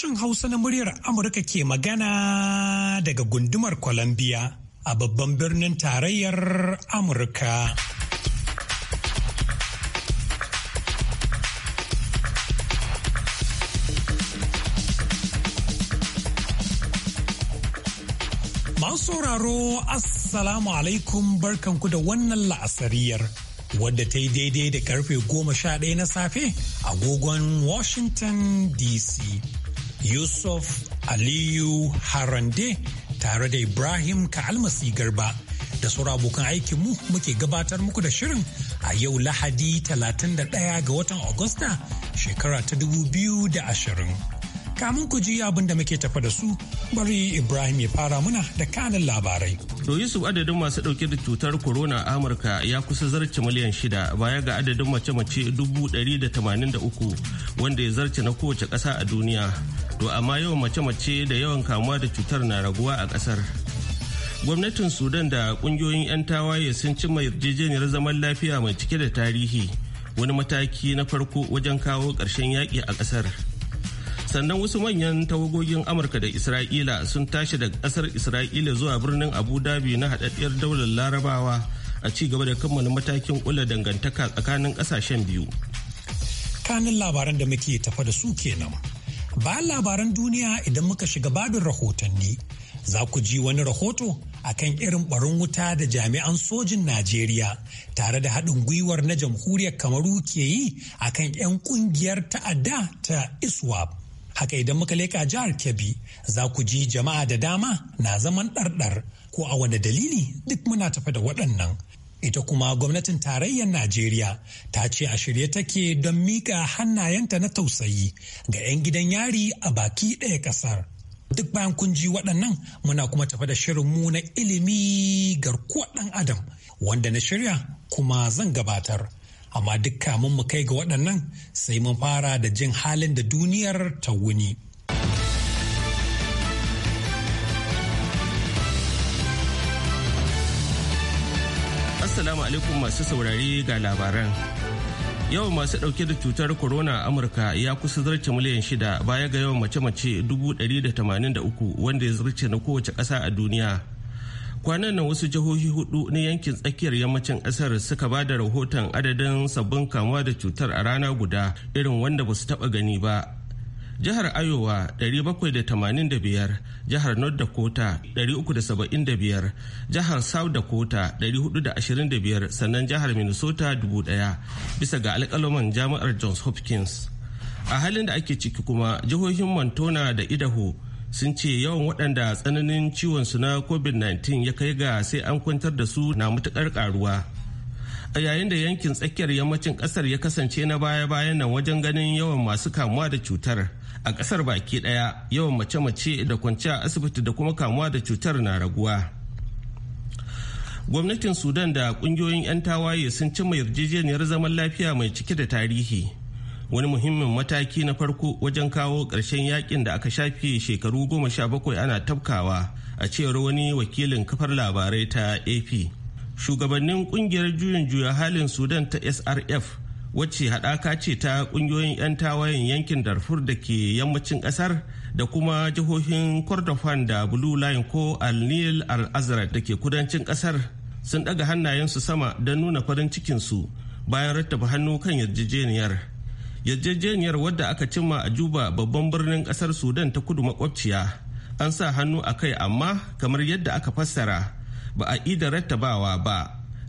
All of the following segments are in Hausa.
Sashen Hausa na muryar Amurka ke magana daga gundumar Columbia a babban birnin tarayyar Amurka. Masu sauraro Assalamu alaikum barkanku da wannan la'asariyar. wadda ta yi daidai da karfe goma sha ɗaya na safe a gogon Washington DC. Yusuf Aliyu Harande tare da Ibrahim Ka'almasi Garba da sauran abokan aikinmu muke gabatar muku da shirin a yau Lahadi 31 ga watan Agusta shekara ta 2020. Kamun ku ji abin da muke tafa da su bari Ibrahim ya fara muna da kanin labarai. To Yusuf adadin masu dauke da cutar corona a Amurka ya kusa zarce miliyan shida baya ga adadin mace-mace dubu ɗari da tamanin da uku wanda ya zarce na kowace ƙasa a duniya. To amma yawan mace-mace da yawan kamuwa da cutar na raguwa a ƙasar. Gwamnatin Sudan da ƙungiyoyin 'yan tawaye sun cimma yarjejeniyar zaman lafiya mai cike da tarihi wani mataki na farko wajen kawo ƙarshen yaƙi a ƙasar. sannan wasu manyan tawagogin amurka da isra'ila sun tashi daga kasar isra'ila zuwa birnin abu dhabi na haɗaɗɗiyar daular larabawa a ci gaba da kammala matakin kula dangantaka tsakanin ƙasashen biyu kanin labaran da muke tafa da su kenan bayan labaran duniya idan muka shiga babin rahotanni za ku ji wani rahoto akan irin barin wuta da jami'an sojin Najeriya tare da haɗin gwiwar na jamhuriyar Kamaru ke yi a kan 'yan ƙungiyar ta'adda ta ISWAP. haka idan muka leka jihar kebbi za ku ji jama'a da dama na zaman ɗarɗar ko a wani dalili duk muna tafa da waɗannan ita kuma gwamnatin tarayyar najeriya ta ce a shirye take don mika hannayenta na tausayi ga 'yan gidan yari a baki ɗaya ƙasar duk bayan kun ji waɗannan muna kuma tafa da shirin mu na ilimi garkuwa ɗan adam wanda na shirya kuma zan gabatar amma duk kamun mu kai ga waɗannan sai mun fara da jin halin da duniyar ta wuni. Assalamu alaikum masu saurari ga labaran. Yawan masu ɗauke da cutar corona a Amurka ya kusa zarce miliyan shida baya ga yawan mace-mace 183 wanda ya zarce na kowace ƙasa a duniya. kwanan nan wasu jihohi hudu na yankin tsakiyar yammacin kasar suka ba da rahoton adadin sabbin kamuwa da cutar a rana guda irin wanda ba su taba gani ba jihar da 785 jihar north dakota 375 jihar south dakota 425 sannan jihar minnesota 1000 bisa ga alkalaman jami'ar johns hopkins a halin da ake ciki kuma jihohin montana da idaho sun ce yawan waɗanda tsananin ciwon su na covid-19 ya kai ga sai an kwantar da su na matuƙar ƙaruwa a yayin da yankin tsakiyar yammacin ƙasar ya kasance na baya-bayan nan wajen ganin yawan masu kamuwa da cutar a ƙasar baki ɗaya yawan mace-mace da a asibiti da kuma kamuwa da cutar na raguwa gwamnatin sudan da ƙungiyoyin 'yan tawaye sun cimma yarjejeniyar zaman lafiya mai cike da tarihi wani muhimmin mataki na farko wajen kawo ƙarshen yakin da aka shafe shekaru goma sha bakwai ana tafkawa a cewar wani wakilin kafar labarai ta ap shugabannin kungiyar juyin juya halin sudan ta srf wacce haɗaka ce ta ƙungiyoyin 'yan tawayen yankin darfur da ke yammacin ƙasar da kuma jihohin kordofan da blue line ko al-nil al azra da ke kudancin ƙasar sun ɗaga hannayensu sama don nuna farin cikinsu bayan rattaba hannu kan yarjejeniyar yarjejeniyar wadda aka cimma a juba babban birnin kasar sudan ta kudu makwabciya an sa hannu a kai amma kamar yadda aka fassara ba a ida rattabawa ba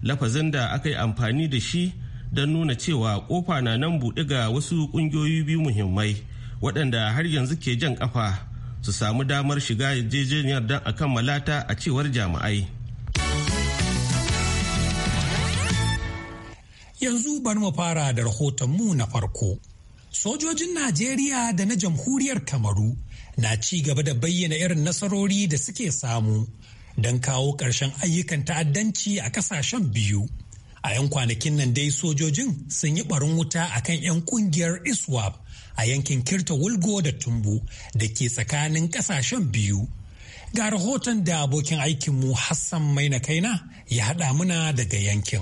lafazin da aka yi amfani da shi don nuna cewa kofa na nan buɗe ga wasu ƙungiyoyi biyu muhimmai waɗanda har yanzu ke jan ƙafa su samu damar shiga yarjejeniyar don a kammala a cewar jami'ai. Yanzu bari mu fara da rahotonmu na farko. Sojojin Najeriya da na jamhuriyar Kamaru na ci gaba da bayyana irin nasarori da suke samu don kawo ƙarshen ayyukan ta'addanci a ƙasashen biyu. A 'yan kwanakin nan dai sojojin sun yi ɓarin wuta a kan 'yan ƙungiyar ISWAP a yankin Kirta Wulgo da Tumbu da ke tsakanin ƙasashen biyu. Ga rahoton da abokin aikinmu Hassan Maina Kaina ya haɗa muna daga yankin.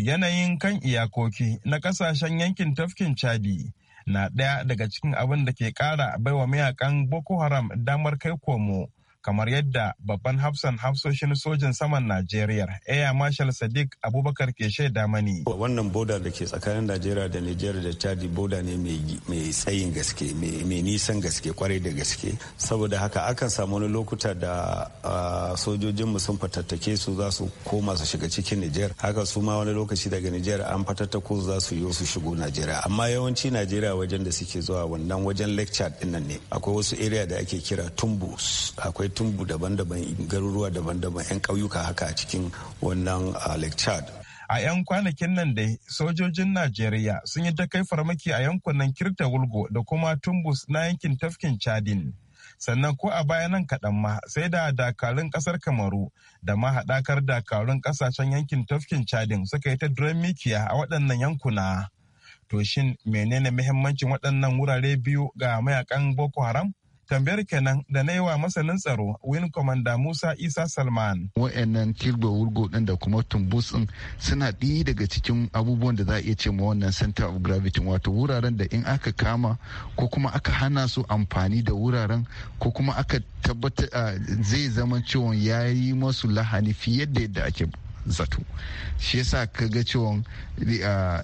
Yanayin kan iyakoki na kasashen yankin tafkin Chadi na ɗaya daga cikin abin da ke ƙara baiwa mayakan Boko Haram damar kai komo kamar yadda babban hafsan hafsoshin sojin saman Najeriya Air Marshal Sadiq Abubakar ke shaida mani. Wannan boda da ke tsakanin Najeriya da Nijar da Chadi boda ne mai tsayin gaske mai nisan gaske kwarai da gaske saboda haka akan samu wani lokuta da sojojinmu sun fatattake su za su koma su shiga cikin niger. haka su ma wani lokaci daga niger an fatattako za su yi su shigo Najeriya amma yawanci Najeriya wajen da suke zuwa wannan wajen lecture dinnan ne akwai wasu area da ake kira Tumbus akwai tumbu daban-daban garuruwa daban-daban 'yan ƙauyuka haka a cikin wannan lake a 'yan kwanakin nan dai sojojin najeriya sun yi ta kai farmaki a yankunan kirta wulgo da kuma tumbus na yankin tafkin chadin sannan ko a baya nan kaɗan ma sai da dakarun ƙasar kamaru da ma haɗakar dakarun ƙasashen yankin tafkin chadin suka yi ta duran mikiya a waɗannan yankuna to shin menene muhimmancin waɗannan wurare biyu ga mayakan boko haram tambayar kenan da na yi wa masanin tsaro win commander musa isa salman wa'annan tilba wurgo din da kuma tumbus din suna ɗaya daga cikin abubuwan da za a iya ce ma wannan center of gravity wato wuraren da in aka kama ko kuma aka hana su amfani da wuraren ko kuma aka tabbata zai zama ciwon ya yi masu lahani fiye da yadda ake zato shi yasa ka ga cewa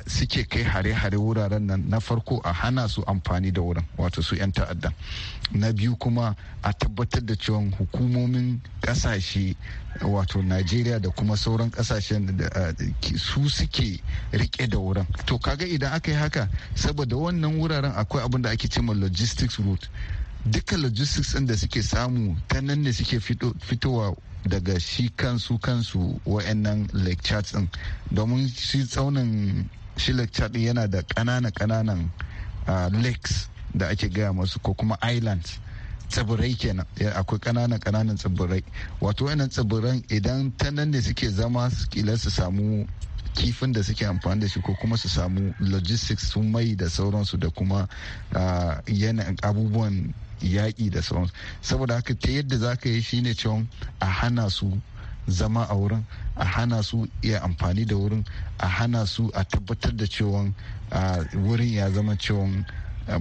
suke kai hare-hare wuraren nan na farko a hana su amfani da wurin wato su 'yan ta'adda na biyu kuma a tabbatar da cewa hukumomin kasashe wato najeriya da kuma sauran kasashen su suke rike da wurin to kaga idan aka yi haka saboda wannan wuraren akwai abin da ake cema logistics route duka logistics ɗin da suke samu ta nan ne suke fitowa daga shi kansu kansu wa'annan lake chats ɗin domin shi tsaunin shi lake ɗin yana da ƙanana ƙananan lakes da ake gaya masu ko kuma islands tsibirai kenan akwai ƙananan ƙananan tsibirai wato wannan tsibiran idan ta nan ne suke zama kila su samu kifin da suke amfani da shi ko kuma su samu logistics sun mai da sauransu da kuma abubuwan yaƙi da sauransu saboda haka ta yadda za ka yi shine cewa a hana su zama a wurin a hana su iya amfani da wurin a hana su a tabbatar da cewa wurin ya zama cewa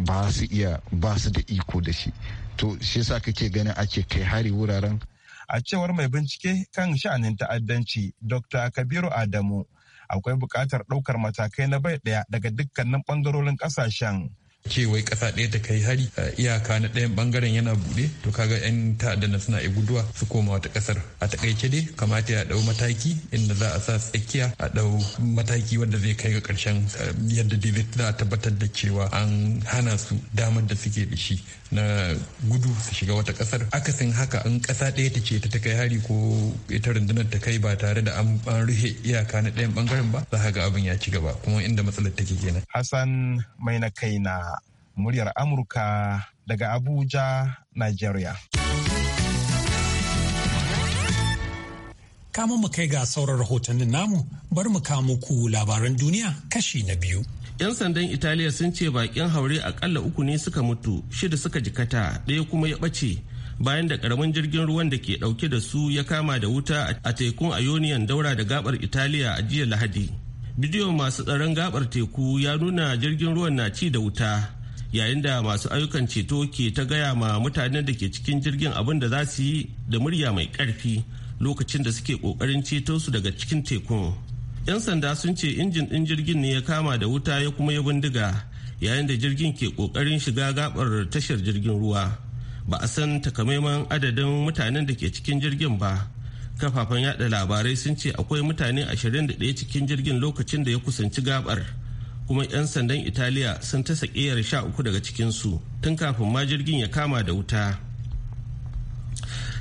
ba su iya ba su da iko da shi to shi yasa kake ganin ake kai hari wuraren a cewar mai bincike kan sha'anin ta'addanci dr kabiru adamu akwai buƙatar ɗaukar matakai na bai ɗaya daga dukkanin ɓangarorin ƙasashen kewai kasa ɗaya ta kai hari iyaka na ɗayan bangaren yana buɗe to kaga yan ta'adda na suna guduwa su koma wata ƙasar a takaice dai kamata ya ɗau mataki inda za a sa tsakiya a ɗau mataki wanda zai kai ga ƙarshen yadda dai za a tabbatar da cewa an hana su damar da suke da shi na gudu su shiga wata ƙasar akasin haka in ƙasa ɗaya ta ce ta kai hari ko ita rundunar ta kai ba tare da an rufe iyaka na ɗayan bangaren ba za ga abin ya ci gaba kuma inda matsalar take kenan. Hassan mai na kaina muryar Amurka daga Abuja, Nigeria. Kama mu kai ga sauran rahotannin namu bar mu kamo ku labaran duniya kashi na biyu. 'Yan sandan Italiya sun ce bakin haure akalla uku ne suka mutu, shida suka jikata, ɗaya kuma ya ɓace. bayan da ƙaramin jirgin ruwan da ke ɗauke da su ya kama da wuta a tekun Ionian daura da gabar Italiya a jiya Lahadi. Bidiyon masu tsaron gabar teku ya nuna jirgin ruwan na ci da wuta yayin da masu ayyukan ceto ke ta gaya ma mutanen da ke cikin jirgin abin da za su yi da murya mai karfi lokacin da suke kokarin ceto su daga cikin tekun. 'Yan sanda sun ce injin ɗin jirgin ne ya kama da wuta ya kuma ya bindiga yayin da jirgin ke kokarin shiga gabar tashar jirgin ruwa. Ba a san takamaiman adadin mutanen da ke cikin jirgin ba. Kafafen yada labarai sun ce akwai mutane ashirin da 21 cikin jirgin lokacin da ya kusanci gabar. kuma 'yan sandan italiya sun ta sakiyar sha uku daga cikinsu tun kafin ma jirgin ya kama da wuta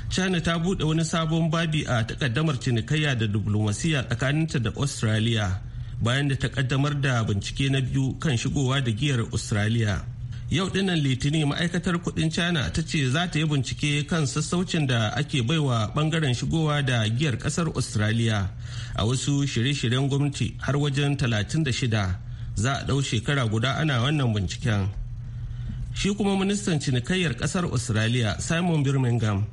china ta bude wani sabon babi a takaddamar cinikayya da diplomasiya tsakaninta da australia bayan da ta kaddamar da bincike na biyu kan shigowa da giyar australia yau dinnan litinin ma'aikatar kudin china ta ce za ta yi bincike kan sassaucin da ake baiwa bangaren shigowa da giyar kasar australia a wasu shirye-shiryen gwamnati har wajen 36 za a ɗau shekara guda ana wannan binciken shi kuma ministan cinikayyar ƙasar australia simon birmingham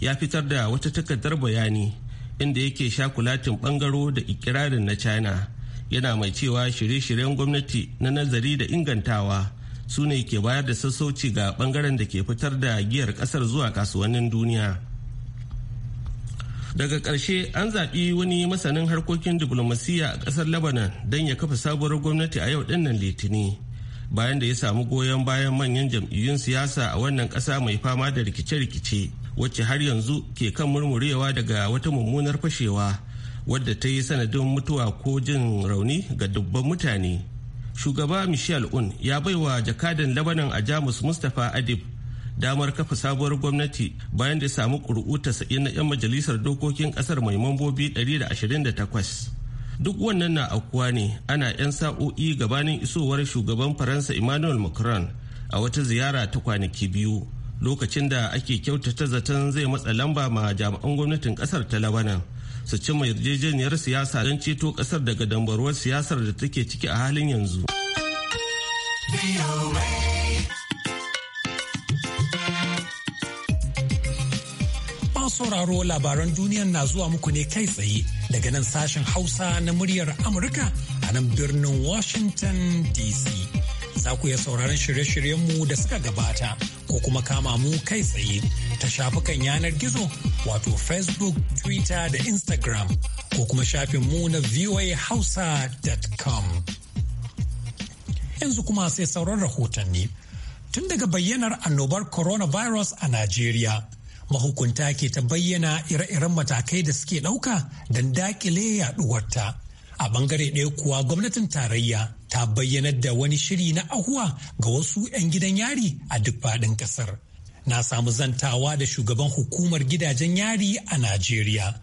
ya fitar da wata takardar bayani inda yake shakulatin ɓangaro da ikirarin na china yana mai cewa shirye-shiryen gwamnati na nazari da ingantawa su ne ke bayar da sassauci ga ɓangaren da ke fitar da giyar ƙasar zuwa kasuwannin duniya daga ƙarshe an zaɓi wani masanin harkokin diplomasiya a ƙasar lebanon don ya kafa sabuwar gwamnati a yau ɗinnan litini bayan da ya samu goyon bayan manyan jam'iyyun siyasa a wannan ƙasa mai fama da rikice-rikice wacce har yanzu ke kan murmurewa daga wata mummunar fashewa wadda ta yi sanadin mutuwa ko jin rauni ga dubban mutane shugaba michel un ya baiwa jakadan labanan a jamus mustapha adib damar kafa sabuwar gwamnati bayan da samu ƙuri'u 90 na 'yan majalisar dokokin kasar mai mambobi 128. duk wannan na akuwa ne ana 'yan sa'o'i gabanin isowar shugaban faransa emmanuel macron a wata ziyara ta kwanaki biyu lokacin da ake kyautata zaton zai matsa lamba ma jami'an gwamnatin kasar ta labanan su cimma yarjejeniyar siyasa don ceto kasar daga dambarwar siyasar da take ciki a halin yanzu. sauraro labaran duniyar na zuwa muku ne kai tsaye daga nan sashen Hausa na muryar Amurka a nan birnin Washington DC. Za ku iya sauraron shirye-shiryenmu da suka gabata ko kuma kama mu kai tsaye ta shafukan yanar gizo wato Facebook, Twitter da Instagram ko kuma shafin mu na voahausa.com. Yanzu kuma sai sauran rahotanni. Tun daga bayyanar annobar coronavirus a Najeriya. mahukunta ke ta bayyana ire-iren matakai da suke ɗauka don dakile yaɗuwarta. A bangare ɗaya kuwa gwamnatin tarayya ta bayyanar da wani shiri na ahuwa ga wasu 'yan gidan yari a duk faɗin ƙasar. Na samu zantawa da shugaban hukumar gidajen yari a Najeriya,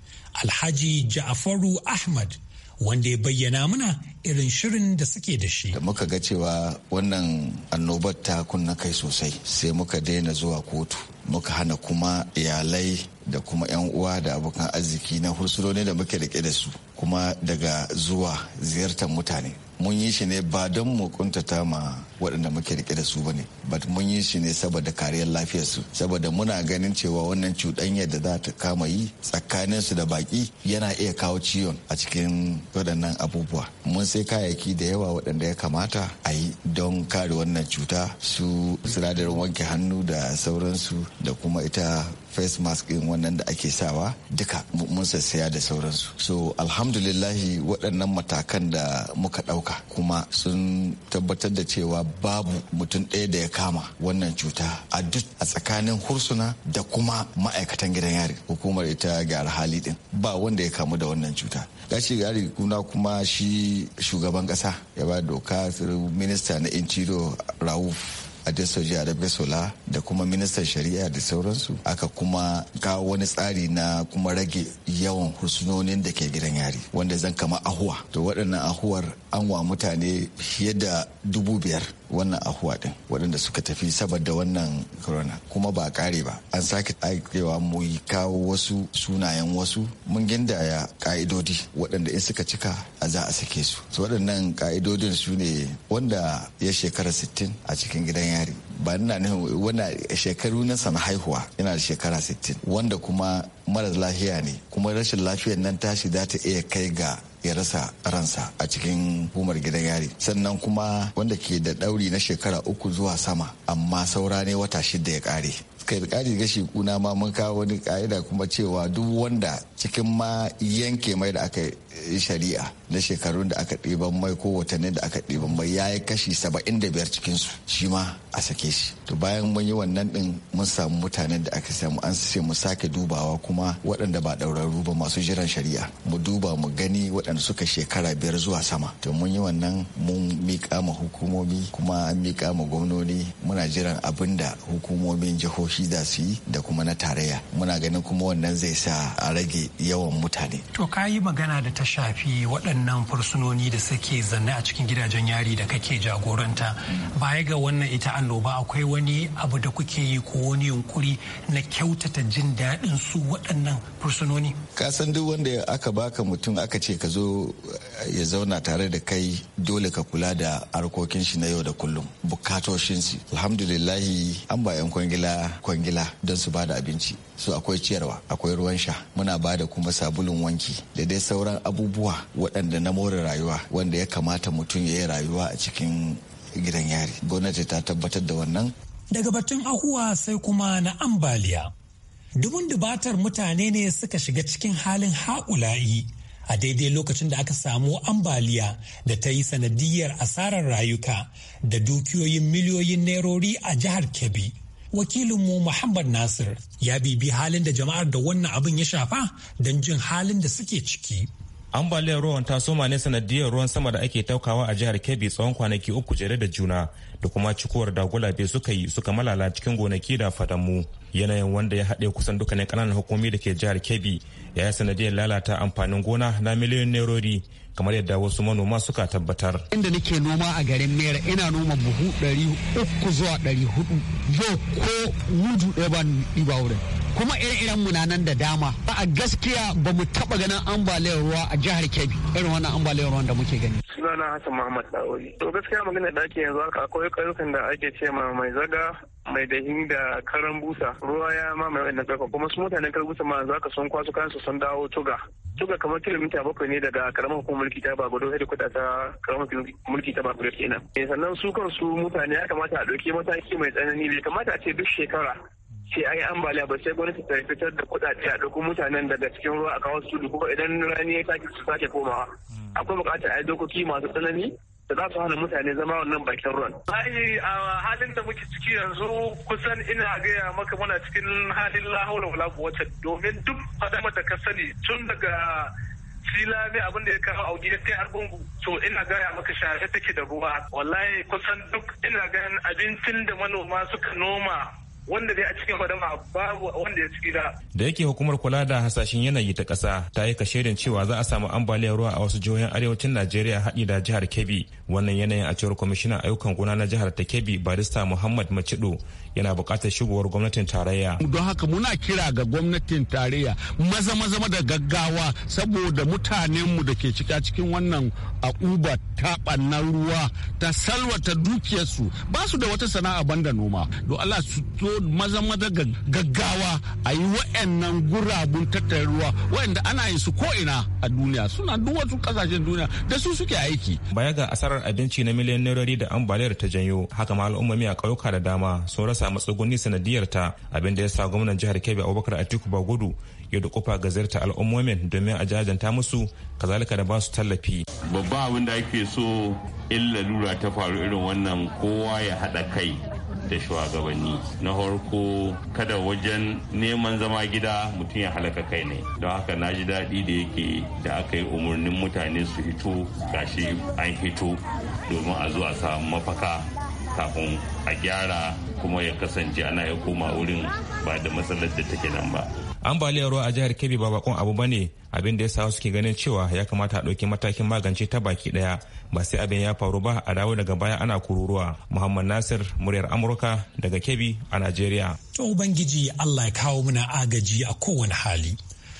Alhaji Ja'afaru Ahmad. wanda ya bayyana mana irin shirin da suke da shi. Da muka ga cewa wannan annobar ta kunna kai sosai sai muka daina zuwa kotu muka hana kuma iyalai da kuma 'yan uwa da abokan arziki na hursuloni da muke rike da su kuma daga zuwa ziyartar mutane mun yi shi ne ba don mu kuntata ma waɗanda muke rike da su bane but mun yi shi ne saboda kariyar lafiyar su saboda muna ganin cewa wannan cuɗanyar da za ta kama yi tsakanin su da baki yana iya kawo ciwon a cikin waɗannan abubuwa mun sai kayayyaki da yawa waɗanda ya kamata a yi don kare wannan cuta su sinadarin wanke hannu da sauransu da kuma ita face mask din wannan da ake sawa duka mun sassaya da sauransu so alhamdulillahi waɗannan matakan da muka ɗauka kuma sun tabbatar da cewa babu mutum ɗaya da ya kama wannan cuta a duk a tsakanin hursuna da kuma ma'aikatan gidan yari hukumar ita gyara hali ɗin ba wanda ya kamu da wannan cuta gashi yari kuna kuma shi shugaban ƙasa ya ba doka minista na interior rauf a Saudi Arabia Sola da kuma ministan shari'a da sauransu aka kuma kawo wani tsari na kuma rage yawan hursunonin da ke gidan yari wanda zan kama ahuwa to waɗannan ahuwar an wa mutane fiye da dubu biyar wannan ahuwa din waɗanda suka tafi saboda wannan corona kuma ba kare ba an sake aikewa mu yi kawo wasu sunayen wasu mun gindaya ka'idodi waɗanda in suka cika a za a sake su su waɗannan ka'idodin su ne wanda ya shekara 60 a cikin gidan yari ba ina nufin wanda shekaru na sana haihuwa yana da shekara 60 wanda kuma marar lafiya ne kuma rashin lafiyar nan tashi za ta iya kai ga ya rasa ransa a cikin hukumar gidan yari sannan kuma wanda ke da dauri na shekara uku zuwa sama amma saura ne wata shida ya kare kai kari gashi kuna ma mun kawo wani ka'ida kuma cewa duk wanda cikin ma yanke mai da aka Eh, shari'a na shekarun da aka ɗiban mai ko watannin da aka ɗiban mai ya yi kashi saba'in da biyar cikinsu shi ma a sake shi to bayan mun yi wannan ɗin mun samu mutanen da aka samu an ce mu sake dubawa kuma waɗanda ba ɗaurarru ba masu jiran shari'a mu duba mu gani waɗanda suka shekara biyar zuwa sama to mun yi wannan mun miƙa ma hukumomi kuma an miƙa ma gwamnoni muna jiran abin da hukumomin jihohi za su yi da kuma na tarayya muna ganin kuma wannan zai sa a rage yawan mutane to ka yi magana da shafi waɗannan fursunoni da suke zanne a cikin gidajen yari da kake jagoranta baya ga wannan ita annoba akwai wani abu da kuke yi ko wani yunkuri na kyautata jin daɗin su waɗannan fursunoni ka san duk wanda aka baka mutum aka ce ka zo eh, ya zauna tare da kai dole ka kula da harkokin shi na yau da kullum bukatoshin shi alhamdulillahi an ba yan kwangila kwangila don su bada abinci su akwai ciyarwa akwai ruwan sha muna ba da kuma sabulun wanki da dai sauran abubuwa waɗanda na more rayuwa wanda ya kamata mutum ya yi rayuwa a cikin gidan yari gwamnati ta tabbatar da wannan daga batun ahuwa sai kuma na ambaliya dubun dubatar mutane ne suka shiga cikin halin haƙula'i a daidai lokacin da aka samu ambaliya da ta yi sanadiyar asarar rayuka da dukiyoyin miliyoyin nerori a jihar kebbi wakilinmu Muhammad Nasir ya bibi halin da jama'ar da wannan abin ya shafa don jin halin da suke ciki. Ambaliyar ruwan ta soma ne sanadiyar ruwan sama da ake taukawa a jihar Kebbi tsawon kwanaki uku jere da juna da kuma cikowar da gulabe suka yi suka malala cikin gonaki da fadamu yanayin wanda ya haɗe kusan dukkanin ƙananan hukumomi da ke jihar kebbi ya yi sanadiyar lalata amfanin gona na miliyoyin nerori kamar yadda wasu manoma suka tabbatar. Inda nake noma a garin Naira ina noma buhu ɗari uku zuwa ɗari hudu yau ko wudu ɗaya ba ba wurin. Kuma irin irin mu nan da dama ba a gaskiya ba mu taɓa ganin ambaliyar ruwa a jihar Kebbi irin wannan ambaliyar ruwan da muke gani. Sunana Hassan Muhammad dawoli To gaskiya magana da ake yanzu haka akwai akwai ƙauyukan da ake ce ma mai zaga mai dahin da karan busa ruwa ya mamaye wannan ƙauyuka kuma su mutanen karan busa ma za ka sun kwaso kayan su sun dawo tuga tuga kamar kilomita bakwai ne daga karamar hukumar mulki ta bagado sai kuɗa ta karamar mulki ta bagado kenan eh, sannan su kansu mutane ya kamata a ɗauki mataki mai tsanani bai kamata a ce duk shekara sai a yi ambaliya ba sai gwamnati ta fitar da kuɗaɗe a ɗauko mutanen daga cikin ruwa a kawo su tudu kuma idan rani ya sake su sake komawa hmm. akwai buƙatar a yi dokoki masu tsanani da za su hana mutane zama wannan bakin ruwan. Ai a halin da muke ciki yanzu kusan ina gaya maka muna cikin halin lahaula wala kuwata domin duk fada mata ka sani tun daga filami abin da ya kawo auki ya kai argungu to ina gaya maka shafe take da ruwa wallahi kusan duk ina ganin abincin da manoma suka noma wanda dai a cikin fadama babu wanda ya ciki da. Da yake hukumar kula da hasashen yanayi ta ƙasa ta yi kashedin cewa za a samu ambaliyar ruwa a wasu jihohin arewacin Najeriya haɗi da jihar Kebbi. Wannan yanayin a cewar kwamishinan ayyukan gona na jihar ta Kebbi barista Muhammad Macido yana buƙatar shigowar gwamnatin tarayya. Don haka muna kira ga gwamnatin tarayya maza maza da gaggawa saboda mutanenmu da ke cika cikin wannan akuba ta ɓannan ruwa ta salwata dukiyarsu ba su da wata sana'a banda noma. Don Allah su maza maza gaggawa a yi wa'annan gurabun tattara ruwa wa'anda ana yin su ko ina a duniya suna duk wasu kasashen duniya da su suke aiki baya ga asarar abinci na miliyan nerori da ambaliyar ta janyo haka ma al'ummomi a ƙauyuka da dama sun rasa matsuguni sanadiyar ta abin da ya sa gwamnan jihar Kebbi Abubakar Atiku gudu ya da kofa ga ziyarta al'ummomin domin a jajanta musu kazalika da ba su tallafi. Babba abin da ake so illa lura ta faru irin wannan kowa ya haɗa kai da shugabanni na farko kada wajen neman zama gida mutum ya halaka kai ne don haka na ji daɗi da yake da aka yi umarnin mutane su hito gashi an hito domin a zo a samu mafaka kafin a gyara kuma ya kasance ana ya koma wurin ba da matsalar da take nan ba ambaliyar ruwa a jihar kebbi ba bakon abu bane abin da ya sa suke ganin cewa ya kamata a ɗauki matakin magance ta baki ɗaya ba sai abin ya faru ba a dawo daga baya ana kururuwa muhammad nasir muryar amurka daga kebbi a najeriya to ubangiji allah ya kawo muna agaji a kowane hali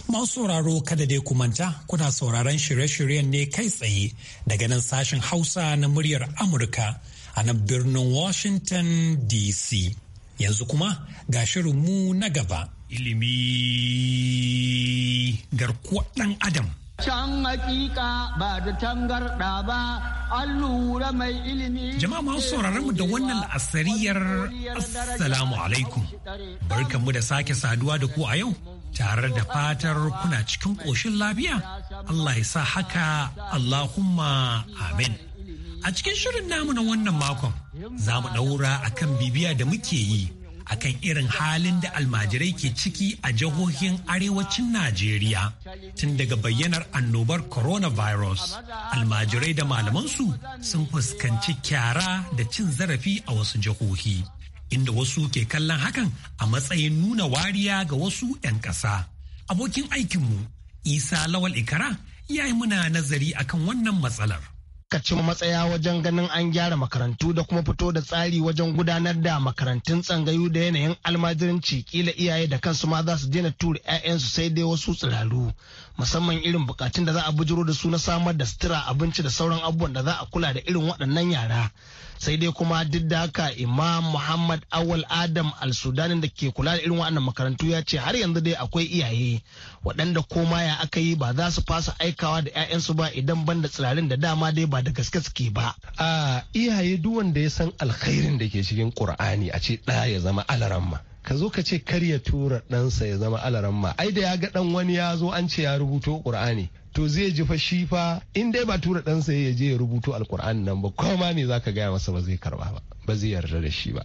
masu sauraro kada dai ku manta kuna sauraron shirye-shiryen ne kai tsaye daga nan sashen hausa na muryar amurka a nan birnin washington dc yanzu kuma ga shirinmu na gaba ilimi garkuwa ɗan adam Can hakika ba da tangarda ba, an lura mai ilimi. Jama'a masu sauraron mu da wannan asariyar Assalamu alaikum. barkanmu mu da sake saduwa da ku a yau, tare da fatar kuna cikin ƙoshin lafiya. Allah ya sa haka Allahumma amin. A cikin shirin namu na wannan makon, za mu ɗaura akan bibiya da muke yi. akan irin halin da almajirai ke ciki a jihohin arewacin Najeriya tun daga bayyanar annobar coronavirus. Almajirai da malamansu sun fuskanci kyara da cin zarafi a wasu jihohi, inda wasu ke kallon hakan a matsayin nuna wariya ga wasu 'yan ƙasa. Abokin aikinmu, Isa Lawal Ikara, ya yi muna nazari akan wannan matsalar. aka cima matsaya wajen ganin an gyara makarantu da kuma fito da tsari wajen gudanar da makarantun tsangayu da yanayin almajiranci kila iyaye da kansu ma za su daina tura 'ya'yansu sai dai wasu tsiraru musamman irin bukatun da za a bujiro da su na samar da sutura abinci da sauran abubuwan da za a kula da irin waɗannan yara sai dai kuma duk da haka imam muhammad awal adam al sudanin da ke kula da irin waɗannan makarantu ya ce har yanzu dai akwai iyaye waɗanda koma ya aka yi ba za su fasa aikawa da 'ya'yansu ba idan ban da tsirarin da dama dai ba ba da gaske suke ba a iyaye duk wanda ya san alkhairin da ke cikin qur'ani a ce ɗa ya zama alaramma ka zo ka ce kar ya tura ɗansa ya zama alaramma ai da ya ga ɗan wani ya zo an ce ya rubuto kur'ani to zai ji fa shi fa in dai ba tura ɗansa ya je ya rubuto alkur'ani nan ba ma ne zaka gaya masa ba zai karba ba ba zai yarda da shi ba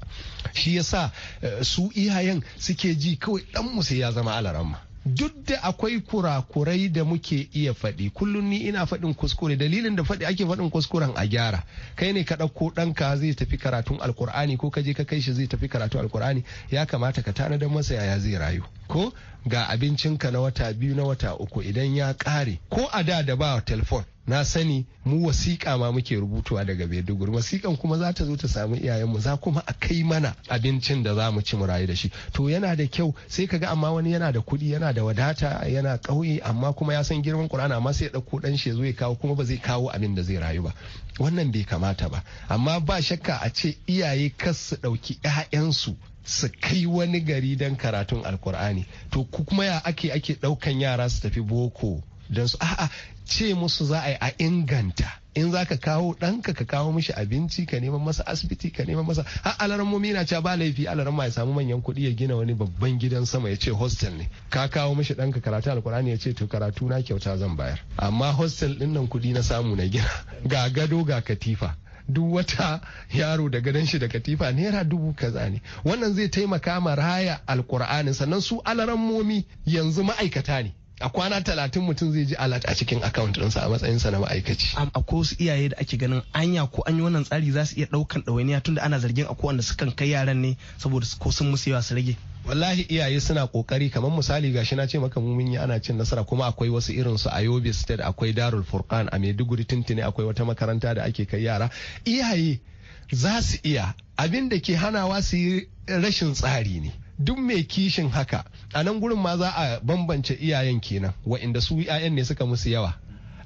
shi yasa eh, su iyayen suke ji kawai ɗan mu sai ya zama alaramma duk da akwai kurakurai da muke iya faɗi kullum ni ina faɗin kuskure dalilin da faɗi ake faɗin kuskuren a gyara kai ne ka ɗauko ɗanka zai tafi karatun alkur'ani ko ka je ka kai shi zai tafi karatun alkur'ani ya kamata ka tana tanadar masa yaya zai rayu ko ga abincinka na wata biyu na wata uku idan ya ƙare ko a da da ba telefon na sani mu wasiƙa ma muke rubutuwa daga Maiduguri wasiƙan kuma za ta zo ta samu iyayenmu za kuma a kai mana abincin da za mu ci mu rayu da shi to yana da kyau sai ka ga amma wani yana da kuɗi yana da wadata yana ƙauye amma kuma ya san girman ƙur'ani amma sai ya ɗauko ɗan shi ya zo ya kawo kuma ba zai kawo abin da zai rayu ba wannan bai kamata ba amma ba shakka a ce iyaye kas su ɗauki 'ya'yansu su kai wani gari don karatun alkur'ani to kuma ya ake ake ɗaukan yara su tafi boko da su a'a ce musu za a yi a inganta in za ka kawo ɗanka ka kawo mishi abinci ka neman masa asibiti ka neman masa har mu na ca ba laifi ma ya samu manyan kuɗi ya gina wani babban gidan sama ya ce hostel ne ka kawo mishi ɗanka karatu alkur'ani ya ce to karatu na kyauta zan bayar amma hostel ɗin nan kuɗi na samu na gina ga gado ga katifa duk wata yaro da gadon shi da katifa naira dubu kaza ne wannan zai taimaka ma raya alkur'ani sannan su momi yanzu ma'aikata ne a kwana talatin mutum zai ji alert a cikin account ɗinsa a matsayinsa na ma'aikaci. Akwai wasu iyaye da ake ganin anya ko an yi wannan tsari za su iya ɗaukan ɗawainiya tunda ana zargin akwai wanda sukan kai yaran ne saboda ko sun musu yawa su rage. wallahi iyaye suna kokari kamar misali gashi na ce maka mun yi ana cin nasara kuma akwai wasu irin su a Yobe State akwai Darul Furqan a Maiduguri Tintini akwai wata makaranta da ake kai yara iyaye za su iya abin da ke hanawa su yi rashin tsari ne duk mai kishin haka a nan gurin ma za a bambance iyayen kenan wa'inda su 'ya'yan ne suka musu yawa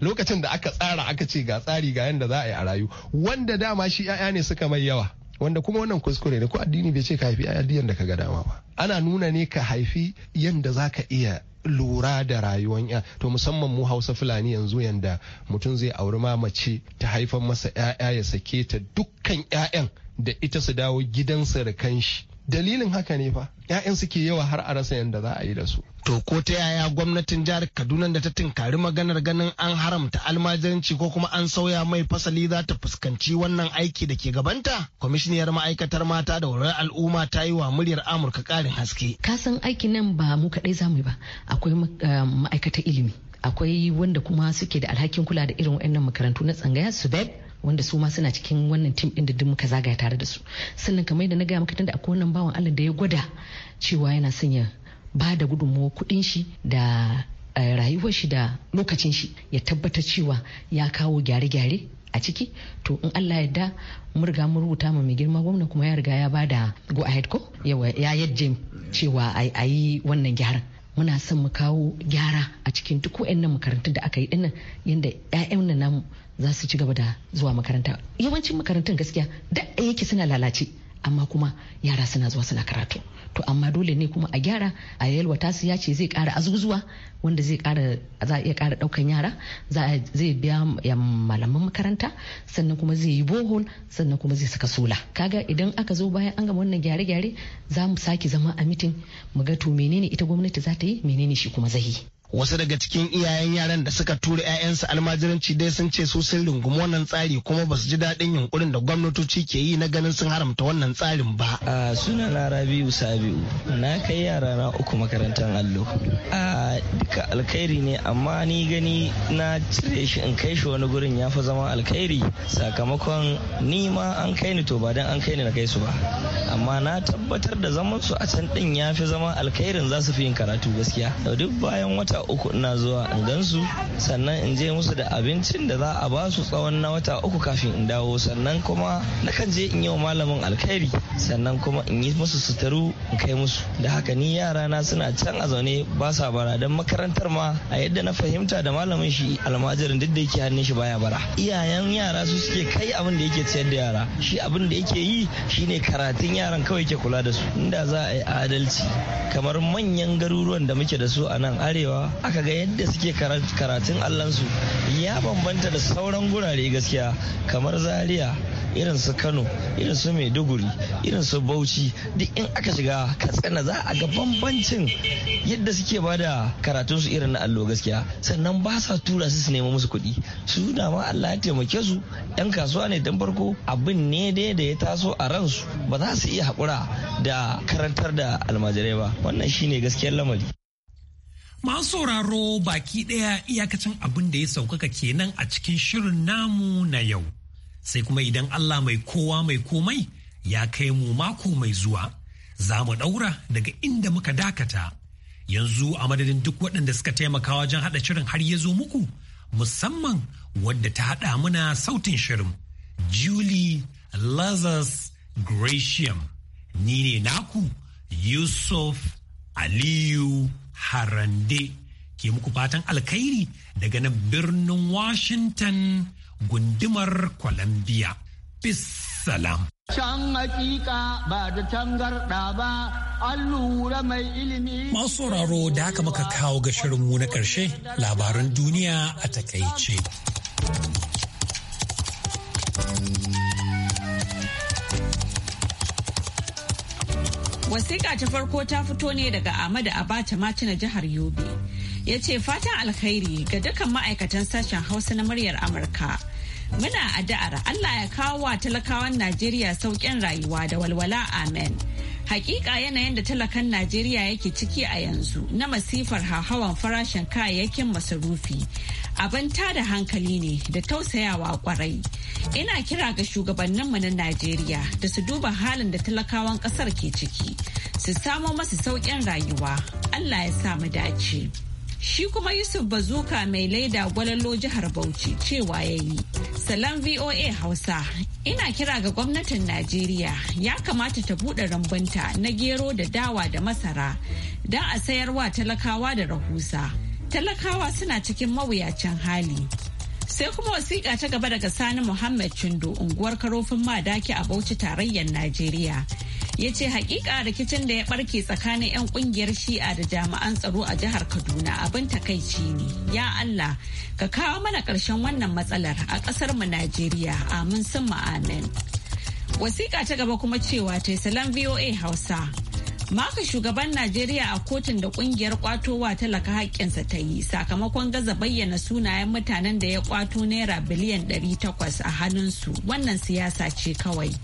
lokacin da aka tsara aka ce ga tsari ga yanda za a yi a rayu wanda dama shi 'ya'ya ne suka mai yawa wanda kuma wannan kuskure ne ko addini bai ce ka haifi addinin da ka ga dama ba ana nuna ne ka haifi yanda za ka iya lura da rayuwan ya to musamman mu hausa fulani yanzu yanda mutum zai auri mamace ta haifan masa 'ya'ya ya sake ta dukkan 'ya'yan da ita su dawo gidansa da kanshi dalilin haka ne fa 'ya'yan suke yawa har a rasa yadda za a yi da su to ko ta yaya gwamnatin jihar kaduna da ta tinkari maganar ganin an haramta almajiranci ko kuma an sauya mai fasali za ta fuskanci wannan aiki da ke gabanta kwamishiniyar ma'aikatar mata da wurin al'umma ta yi wa muryar amurka karin haske Ka san aikin nan ba mu kaɗai za mu yi ba akwai um, ma'aikatar ilimi akwai wanda kuma suke da alhakin kula da irin wa'annan makarantu na tsangaya su wanda su ma suna cikin wannan tim din da duk muka zagaya tare da su sannan kamar da na gaya maka tunda akwai wannan bawan Allah da ya gwada cewa yana son ya ba da gudunmawa kuɗin shi da eh, rayuwar shi da lokacin shi ya tabbata cewa ya kawo gyare-gyare a ciki to in Allah ya da mun riga mun rubuta ma mai girma gwamna kuma ya riga ya bada go ahead ko ya yajje cewa a yi wannan gyaran muna son mu kawo gyara a cikin duk wayannan makarantun da aka yi dinnan yanda 'ya'yan nan namu za su ci gaba da zuwa makaranta yawancin makarantun gaskiya da yake suna lalace amma kuma yara suna zuwa suna karatu to amma dole ne kuma a gyara a yalwa su ya ce zai kara azuzuwa wanda zai kara za a iya kara daukan yara zai biya malaman makaranta sannan kuma zai yi bohol sannan kuma zai saka sola kaga idan aka zo bayan an gama wannan gyare-gyare za mu sake zama a mitin mu ga to menene ita gwamnati za ta yi menene shi kuma zai yi wasu daga cikin iyayen yaran da suka tura 'ya'yansu almajiranci dai sun ce su sun rungumi wannan tsari kuma ba su ji daɗin yunkurin da gwamnatoci ke yi na ganin sun haramta wannan tsarin ba. a sunan na rabiu sabiu na kai yara na uku makarantar allo a duka alkhairi ne amma ni gani na cire shi in kai shi wani gurin ya fi zama alkhairi sakamakon ni ma an kai ni to ba dan an kai ni na kai su ba amma na tabbatar da zaman su a can din ya fi zama alkhairin za su fi yin karatu gaskiya duk bayan wata wata uku ina zuwa in gansu sannan in je musu da abincin da za a ba su tsawon na wata uku kafin in dawo sannan kuma nakan je in yi wa malamin alkhairi sannan kuma in yi musu suturu in kai musu da haka ni yara na suna can a zaune ba sa bara don makarantar ma a yadda na fahimta da malamin shi almajirin duk da yake hannun shi baya bara iyayen yara su suke kai abin da yake ciyar da yara shi abin da yake yi shine karatun yaran kawai ke kula da su inda za a yi adalci kamar manyan garuruwan da muke da su a nan arewa aka ga yadda suke karatun allansu ya bambanta da sauran gurare gaskiya kamar zaria irin su kano irin su maiduguri irin su bauchi duk in aka shiga katsina za a ga bambancin yadda suke ba da karatunsu irin na allo gaskiya sannan ba sa tura su su nemi musu kuɗi su na ma allah ya taimake su yan kasuwa ne don farko abin ne dai da ya taso a ransu ba za su iya haƙura da karantar da almajirai ba wannan shine gaskiyar lamari Masu sauraro baki ɗaya iyakacin abin da ya saukaka kenan a cikin shirin namu na yau. Sai kuma idan Allah mai kowa mai komai ya kai mu mako mai zuwa, za mu ɗaura daga inda muka dakata. Yanzu a madadin duk waɗanda suka taimaka wajen haɗa shirin har ya zo muku, musamman wadda ta haɗa muna sautin shirin. Julie Lazarus Gratiam, ni ne naku Yusuf Aliyu. harande ke muku fatan alkhairi daga nan birnin Washington gundumar Columbia. Bissalam. Can hakika ba da tangarɗa ba, an lura mai ilimi. Masu sauraro da haka maka kawo ga mu na karshe labaran duniya a takaice. Wasiƙa ta farko ta fito ne daga Ahmadu Abacha na jihar Yobe. Ya ce fatan alkhairi ga dukkan ma'aikatan sashen Hausa na muryar Amurka. Muna addu'ar Allah ya kawo wa talakawan Najeriya sauƙin rayuwa da walwala amen. Hakika yanayin da talakan Najeriya yake ciki a yanzu na masifar hawan farashin kayayyakin masarufi abin tada hankali ne da tausayawa kwarai. Ina kira ga shugabannin mu na Najeriya da su duba halin da talakawan kasar ke ciki, su samo masu sauƙin rayuwa. Allah ya sa mu dace. Shi kuma Yusuf Bazuka mai laida gwalalo jihar Bauchi cewa ya yi. Salam VOA Hausa, ina kira ga gwamnatin Najeriya ya kamata ta buɗe rambunta na gero da dawa da masara don a sayarwa talakawa da rahusa. Talakawa suna cikin mawuyacin hali. Sai kuma wasiƙa ta gaba daga Sani Muhammad Chindo unguwar Karofin Madaki a Bauchi tarayyar Najeriya. Ya ce hakika rikicin da ya barke tsakanin 'yan kungiyar shi'a da jami'an tsaro a jihar Kaduna abin takaici ne. Ya Allah, ka kawo mana ƙarshen wannan matsalar a ƙasar mu Najeriya. Amin sun amin. Wasiƙa ta gaba kuma cewa ta salam VOA Hausa. Maka shugaban Najeriya a kotun da kungiyar kwatowa talaka haƙƙinsa ta yi sakamakon gaza bayyana sunayen mutanen da ya kwato naira biliyan 800 a hannunsu wannan siyasa ce kawai.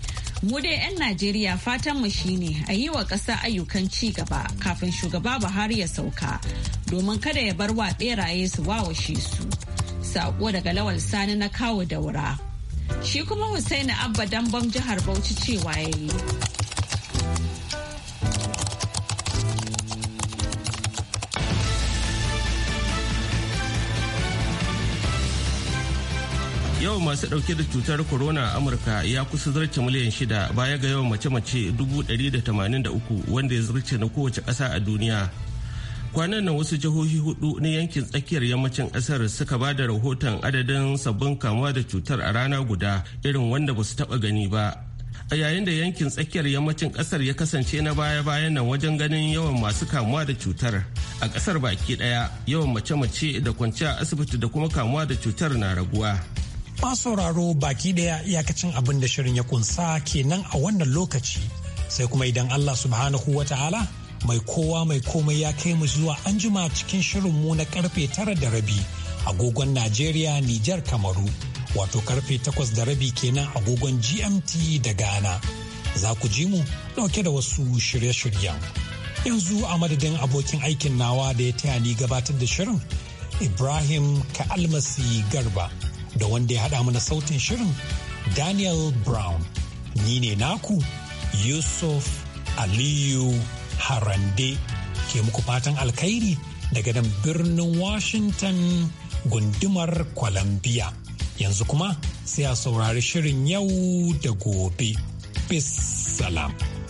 Mu dai 'yan Najeriya fatan mu shine a yi wa ƙasa ayyukan ci gaba kafin shugaba Buhari ya sauka domin kada ya bar wa beraye su wawashe su. Sako daga Lawal Sani na kawo daura. Shi kuma Hussaini Abba Dambam jihar Bauchi cewa ya yi. yawan masu ɗauke da cutar corona a amurka ya kusa zarce miliyan shida baya ga yawan mace-mace 183 wanda ya zarce na kowace kasa a duniya kwanan nan wasu jihohi hudu na yankin tsakiyar yammacin kasar suka ba da rahoton adadin sabbin kamuwa da cutar a rana guda irin wanda ba su taɓa gani ba a yayin da yankin tsakiyar yammacin kasar ya kasance na baya-bayan nan wajen ganin yawan masu kamuwa da cutar a kasar baki ɗaya yawan mace-mace da kwanciya asibiti da kuma kamuwa da cutar na raguwa Ma sauraro baki daya iyakacin abin da shirin ya kunsa kenan a wannan lokaci sai kuma idan Allah subhanahu wa ta'ala mai kowa mai komai ya kai mu zuwa anjima cikin shirin mu na karfe tara da rabi agogon Najeriya Nijar Kamaru wato karfe takwas da rabi kenan agogon GMT da Ghana. Za ku ji mu dauke da wasu shirye-shiryen. Yanzu a madadin abokin aikin nawa da ya taya ni gabatar da shirin Ibrahim Ka'almasi Garba. da wanda ya haɗa mana sautin shirin Daniel Brown. Ni ne naku Yusuf Aliyu Harande ke muku fatan alkhairi daga nan birnin Washington gundumar Columbia. Yanzu kuma sai a saurari shirin yau da gobe. Peace salam.